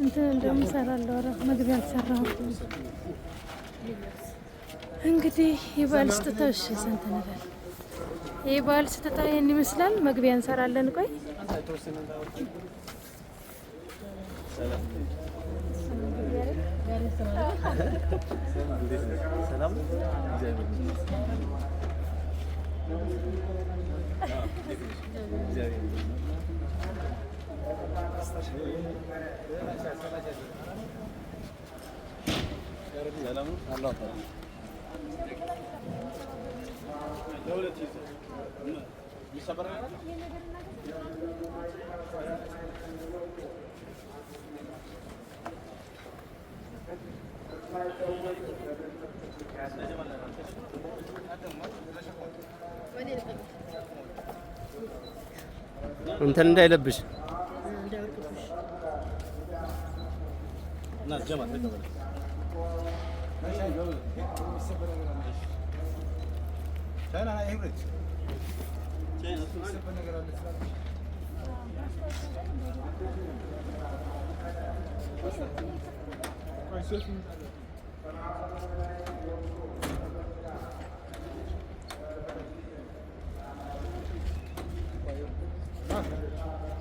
እንትን እንደምሰራለሁ። ኧረ መግቢያ አልሰራሁም። እንግዲህ የበዓል ስጦታው እሺ፣ ስንት እንበል? የበዓል ስጦታ ይህን ይመስላል። መግቢያ እንሰራለን። ቆይ Selamun Allah Devletiyiz. Bir sabır እንትን እንዳይለብሽ Cem Atlı kalır. Sen ana emret. Şey nasıl? Bak,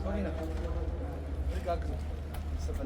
sonra yine. Bir kalkın. Bir sefer.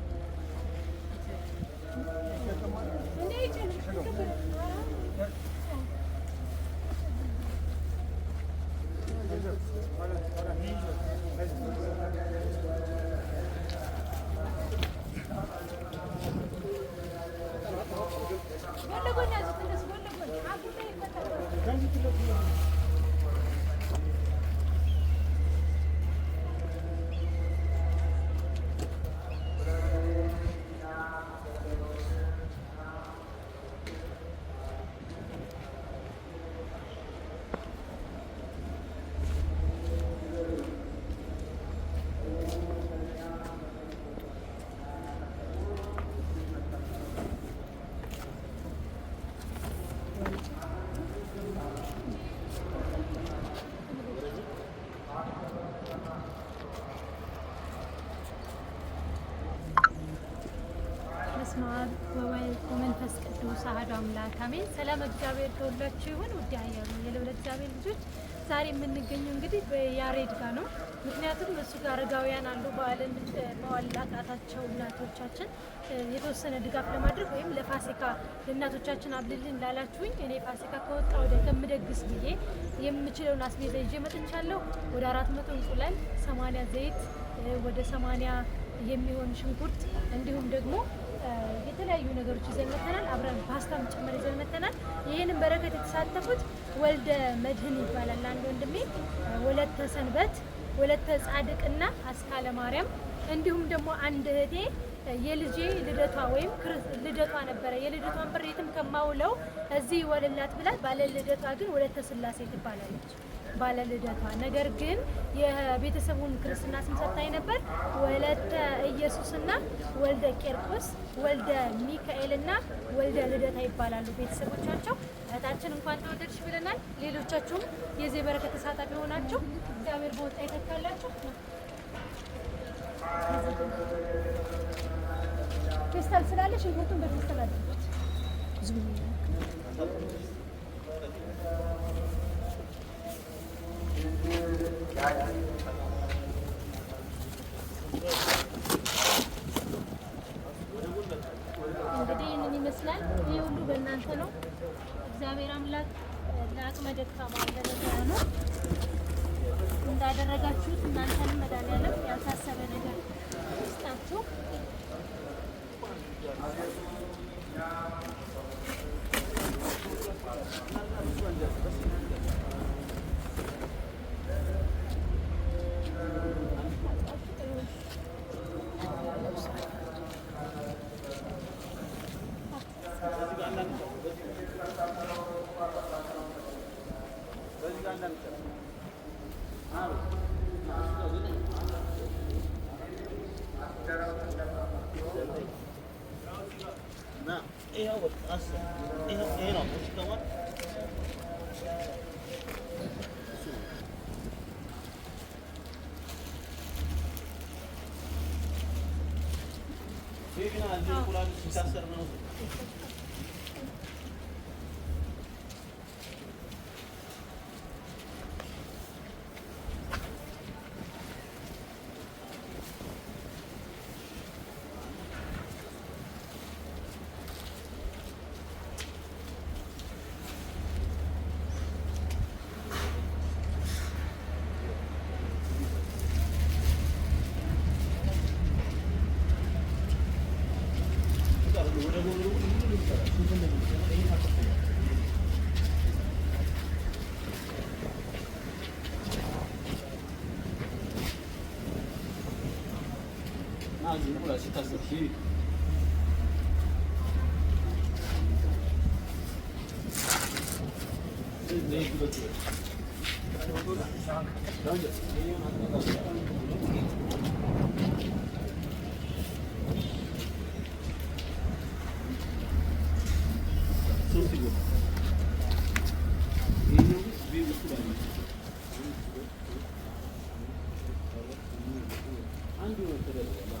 ሰላም እግዚአብሔር ከሁላችሁ ይሁን። ውድ ያያሉ የልብለ እግዚአብሔር ልጆች ዛሬ የምንገኘው እንግዲህ በያሬድ ጋር ነው። ምክንያቱም እሱ ጋር አረጋውያን አሉ በዓልን መዋል ላቃታቸው እናቶቻችን የተወሰነ ድጋፍ ለማድረግ ወይም ለፋሲካ ለእናቶቻችን አብልልን ላላችሁኝ እኔ ፋሲካ ከወጣ ወደ ከምደግስ ብዬ የምችለውን አስቤዛ ይዤ መጥቻለሁ። ወደ አራት መቶ እንቁላል፣ ሰማንያ ዘይት፣ ወደ ሰማንያ የሚሆን ሽንኩርት እንዲሁም ደግሞ የተለያዩ ነገሮች ይዘን መተናል። አብረን ፓስታም ጭምር ይሆናል። ይህንን በረከት የተሳተፉት ወልደ መድህን ይባላል አንድ ወንድሜ፣ ወለተ ሰንበት፣ ወለተ ጻድቅና አስካለ ማርያም እንዲሁም ደግሞ አንድ እህቴ የልጄ ልደቷ ወይም ልደቷ ነበረ። የልደቷን ብር የትም ከማውለው እዚህ ይወልላት ብላል ባለ ልደቷ ግን ወለተ ስላሴ ትባላለች። ባለ ልደቷ። ነገር ግን የቤተሰቡን ክርስትና ስም ሰጥታኝ ነበር። ወለተ ኢየሱስና ወልደ ቄርቆስ፣ ወልደ ሚካኤልና ወልደ ልደታ ይባላሉ ቤተሰቦቻቸው። እህታችን እንኳን ተወደድሽ ብለናል። ሌሎቻችሁም የዚህ በረከት ተሳታፊ ሆናችሁ እግዚአብሔር በወጣ ይተካላችሁ። ፌስታል ስላለሽ ይሁቱን በፌስታል አድርጉት። እናንተን መድኃኒዓለም ያልታሰበ ነገር ይስጣችሁ። نعم ايه هو اصلا ايه هو ايه olsun. 하지몰라싶다시피한국을들어야되나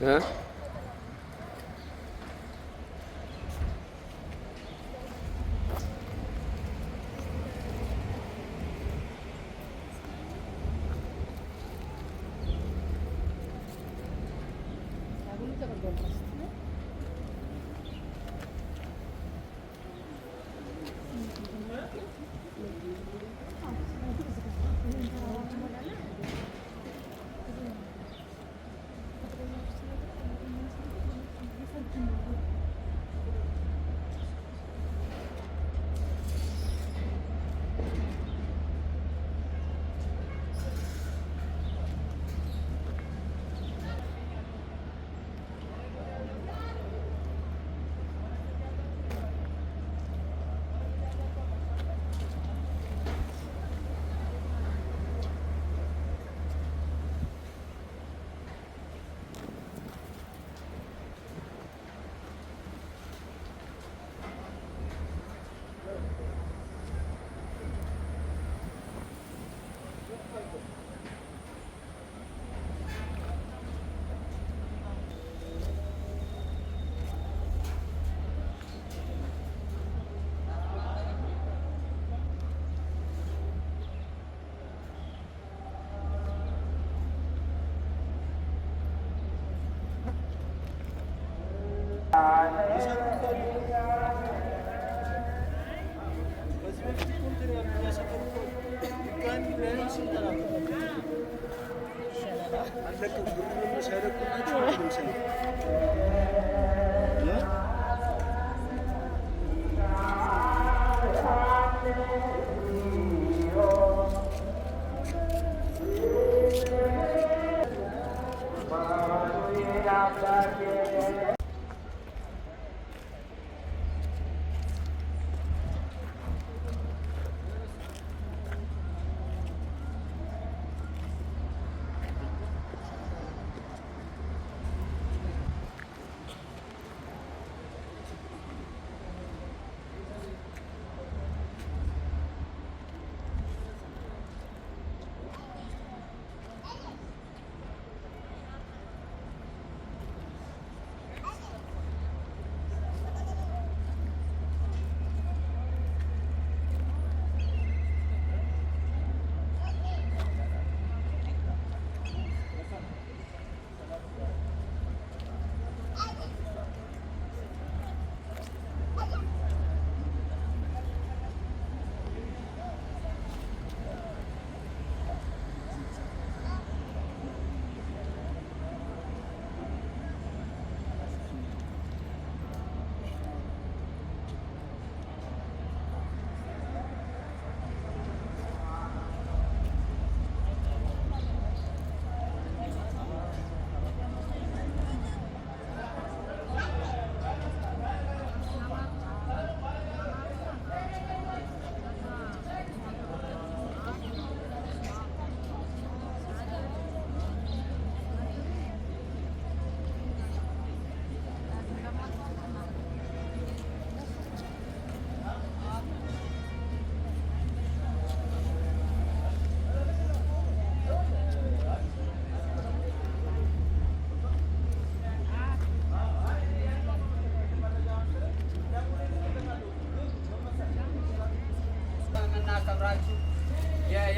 예? 음, 정말? لكم المسألة كلها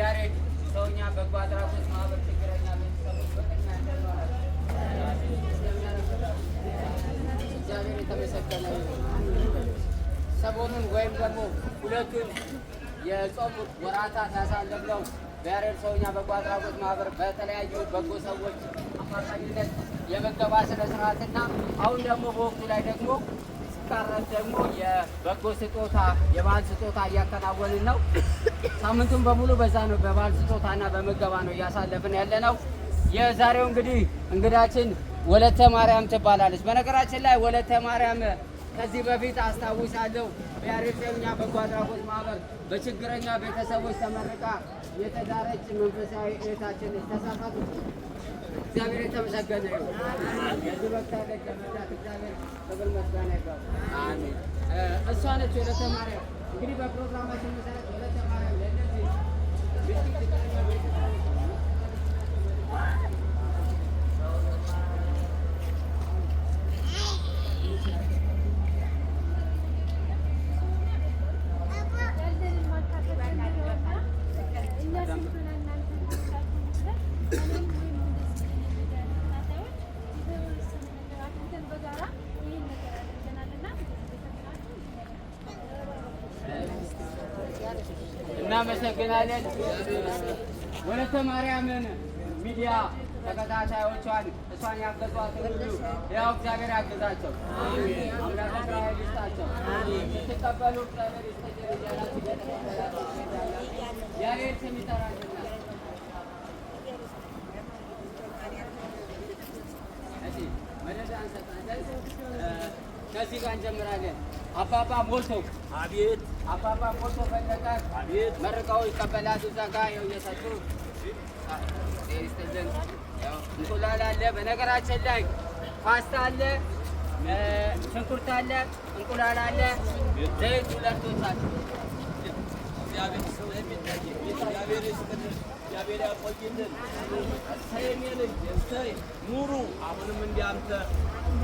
በያሬድ ሰውኛ በጎ አድራጎት ማህበር ችግረኛ እግዚአብሔር የተመሰገነ ሰሞኑን ወይም ደግሞ ሁለቱን የጾም ወራታት አሳለፍነው በያሬድ ሰውኛ በጎ አድራጎት ማህበር በተለያዩ በጎ ሰዎች አማካኝነት የመገባ ስነ ስርዓትና አሁን ደግሞ በወቅቱ ላይ ደግሞ ሲቃረስ ደግሞ የበጎ ስጦታ የበዓል ስጦታ እያከናወንን ነው። ሳምንቱን በሙሉ በዛ ነው በበዓል ስጦታና በምገባ ነው እያሳለፍን ያለ ነው። የዛሬው እንግዲህ እንግዳችን ወለተ ማርያም ትባላለች። በነገራችን ላይ ወለተ ማርያም ከዚህ በፊት አስታውሳለሁ በያሬፌኛ በጎ አድራጎት ማህበር በችግረኛ ቤተሰቦች ተመርቃ የተዳረች መንፈሳዊ እህታችን ተሳፋት እግዚአብሔር የተመሰገነ ይሁን። እሷ ነች ወለተ ማርያም። እንግዲህ በፕሮግራማችን እናመሰግናለን። ወለተ ማርያምን ሚዲያ ተከታታዮቿን እሷን ያገዟትን ሁሉ ያው እግዚአብሔር ያግዛቸው፣ አምላክ ስትቀበሉ ከዚህ ጋር እንጀምራለን። አባባ ሞቶ አቤት መርቀው ይቀበላሉ። እዛ ጋ ይኸው እየሰጡ እንቁላል አለ። በነገራችን ላይ ፓስታ አለ፣ ሽንኩርት አለ፣ እንቁላል አለ፣ ዘይት ሁለቶች አለ። ያቆይልን። ኑሩ አሁንም እንዲህ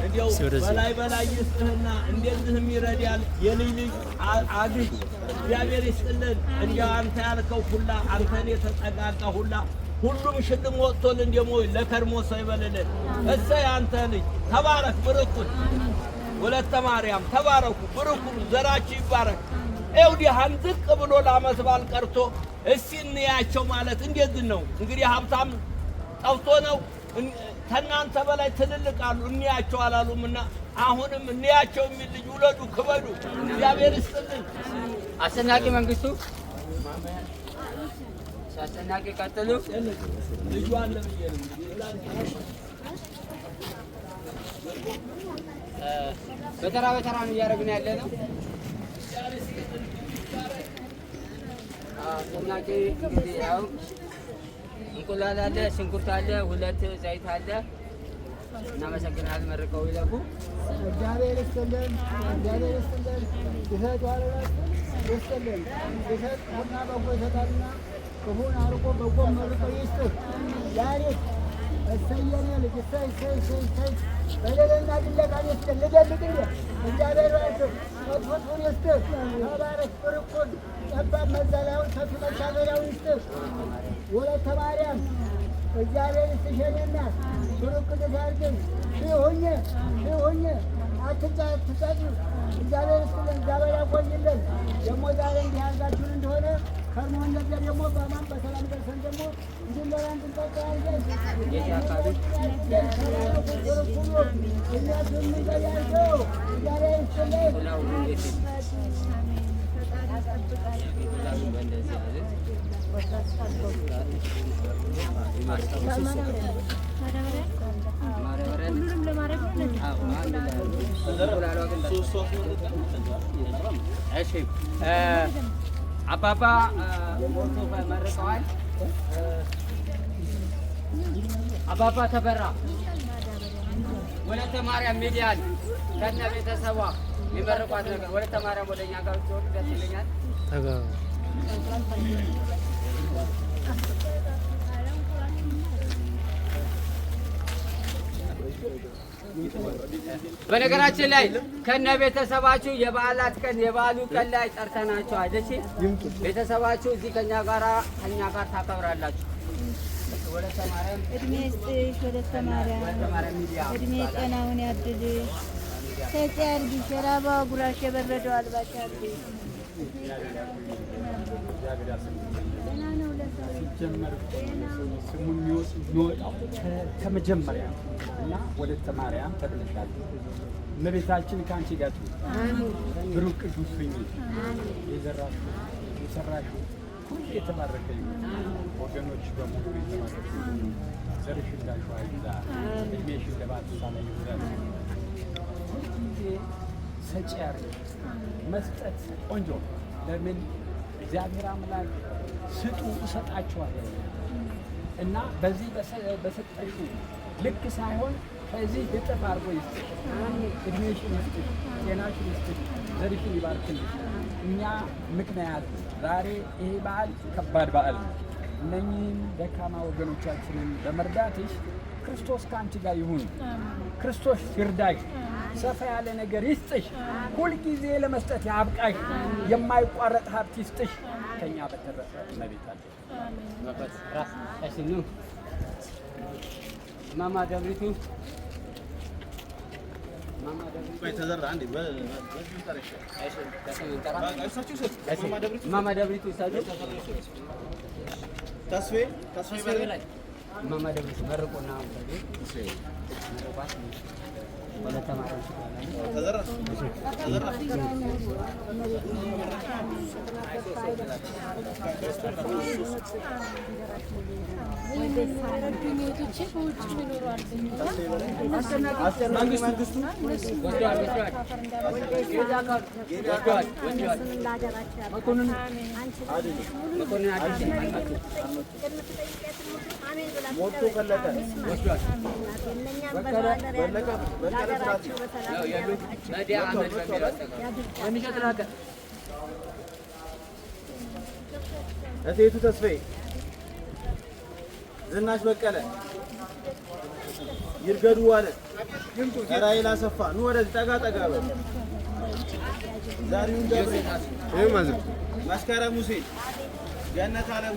እንዲያው በላይ በላይ ይስጥህና እንደዚህም ይረዳል የልጅ ልጅ አግኝ እግዚአብሔር ይስጥልን። እንዲያው አንተ ያልከው ሁላ አንተን የተጠጋጋ ሁላ ሁሉም ሽልም ወጥቶል። እንደሞ ለከርሞ ሰው ይበልልን። እሰይ አንተ ልጅ ተባረክ፣ ብርኩን ወለተ ማርያም ተባረኩ፣ ብርኩን ዘራችሁ ይባረክ። ኤው ዲሃን ብሎ ለአመት በዓል ቀርቶ እስቲ እንያቸው ማለት እንደዚህ ነው እንግዲህ ሀብታም ጠፍቶ ነው ከእናንተ በላይ ትልልቅ አሉ፣ እንያቸው አላሉምና አሁንም እንያቸው የሚል ልጅ ውለዱ፣ ክበዱ። እግዚአብሔር ይስጥልን። አስናቂ መንግስቱ አስናቂ ቀጥሉ። ልጁ አለ ብዬ በተራ በተራ ነው እያደረግን ያለ ነው። አስናቂ ያው እንቁላል አለ፣ ሽንኩርት አለ፣ ሁለት ዘይት አለ። እናመሰግናል። መርቀው ይለፉ። እግዚአብሔር ይስጥልን። እግዚአብሔር ይስጥልን። ይሰጥ ዋለላት ይስጥልን። ይሰጥ ቡና በጎ ይሰጣልና ክፉን አርቆ በጎ መርቆ ይስጥ ያሪት እሰየኔ ልጅ እሰይ እሰይ እሰይ እሰይ በደለኛ ድለቃን ይስጥር ልደልቅ እንዴ እግዚአብሔር ባያቸው መጥፎቱን ይስጥር ተባረክ ፍርቁን ጠባብ መዘላውን ሰፊ መሻገሪያውን ይስጥር ወለተ ማርያም እግዚአብሔር ይስሸንና ብሩክ ድታርግን ሺህ ሁኜ ሺህ ሁኜ አትጫ ትጸጡ እግዚአብሔር ይስጥልን እግዚአብሔር ያቆይልን ደግሞ ዛሬ እንዲህ ያዛችሁን እንደሆነ ከርሞ እንደዚያ ደግሞ በማን በሰላም ደርሰን ደግሞ እንድንበላን እንጠጣለን። ሁሉንም ለማድረግ አባባ ሞቶ መርቀዋል። አባባ ተበራ ወለተ ማርያም ሚዲያል ከነ ቤተሰቧ የመረቋት ነገር ወለተ ማርያም ወደኛ ጋር ደስ ይለኛል። በነገራችን ላይ ከነ ቤተሰባችሁ የበዓላት ቀን የበዓሉ ቀን ላይ ጠርተናቸው አይደች ቤተሰባችሁ እዚህ ከኛ ጋራ ከኛ ጋር ታከብራላችሁ። እድሜ ስጥሽ፣ ወለተ ማርያም እድሜ ጤናውን ጉራሽ የበረደው አልባሻል ሲጀመር ስሙ የሚወጣው ከመጀመሪያ እና ወለተ ማርያም ተብለሻል። እመቤታችን ከአንቺ ጋር ብሩክ ቅዱስ ሁኚ። የዘራሽው የሰራሽው ሁሉ የተባረከ ወገኖች በሙሉ የተባረከ ዘርሽ እንዳሸዋ ይብዛ፣ እድሜሽ እንደ ላይ ይብዛ። ሁልጊዜ ሰጪ ያርግ መስጠት ቆንጆ ለምን እግዚአብሔር አምላክ ስጡ እሰጣችኋል እና በዚህ በሰጠሹ ልክ ሳይሆን ከዚህ እጥፍ አድርጎ ይስጥሽ። እድሜሽን ይስጥ፣ ጤናሽን ይስጥ፣ ዘርሽን ይባርክልሽ። እኛ ምክንያት ዛሬ ይሄ በዓል ከባድ በዓል ነው። እነኚህም ደካማ ወገኖቻችንን በመርዳትሽ ክርስቶስ ከአንቺ ጋር ይሁን። ክርስቶስ ይርዳሽ። ሰፋ ያለ ነገር ይስጥሽ። ሁልጊዜ ለመስጠት ያብቃሽ። የማይቋረጥ ሀብት ይስጥሽ። ከኛ በተረፈ እመቤታችን ማማ ደብሪቱ ማማ ደብሪቱ ተስፌ ተስፌ ማማ ደብሪቱ መርቆና መኮንን እቴቱ ተስፋዬ፣ ዝናሽ በቀለ፣ ይርገዱ ዋለ፣ ራይል አሰፋ ኑ ወደዚህ ጠጋ ጠጋ በል። ዛሬውን መስከረም ሙሴ፣ ገነት አለሙ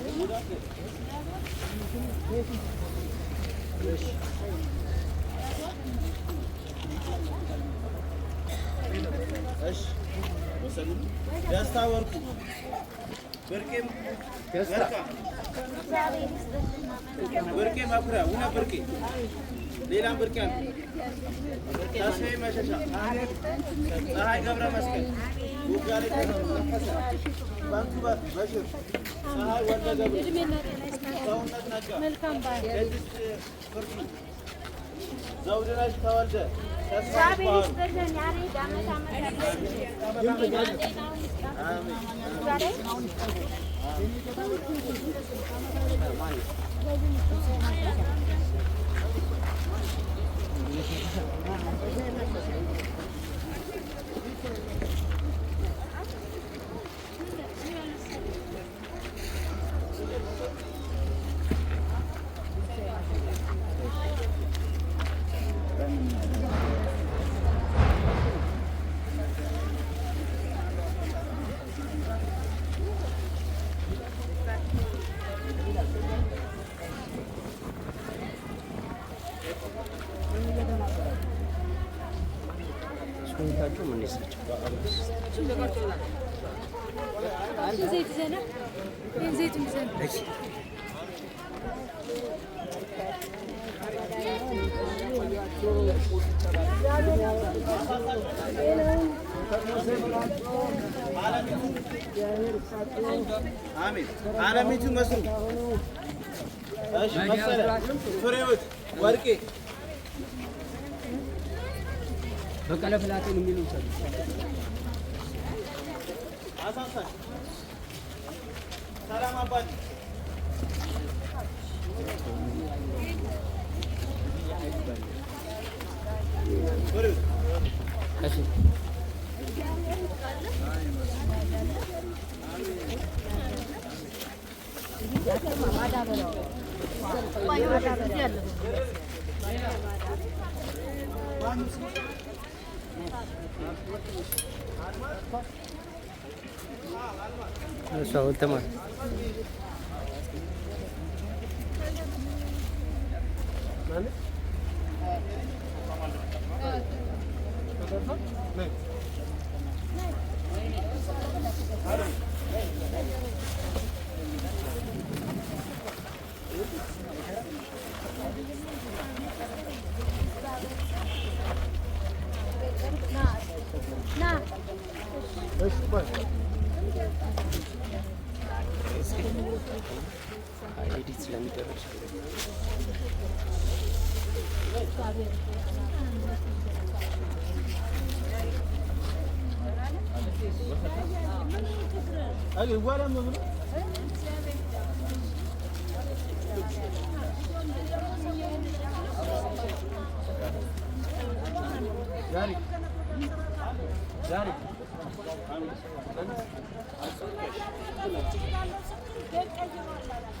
ደስታ ወርቁ ብርቄም ብርቄ መኩሪያ ውነ ብርቄ ሌላም ብርቄ አለ። ተስፋዬ መሸሻ ፀሐይ ገብረ መስቀል زوجنا تولد እግዚአብሔር ይስጥልን። ያሬ ዳመት አመት ያለ አለሚቱ መስሉ መሰለ ወርቄ በቀለ ፍላቴን የሚሉ አሳሳሽ ሰላም አባት Sağ tamam. Ne? Ne? Ali ولا مبلغ جاري جاري Thank you.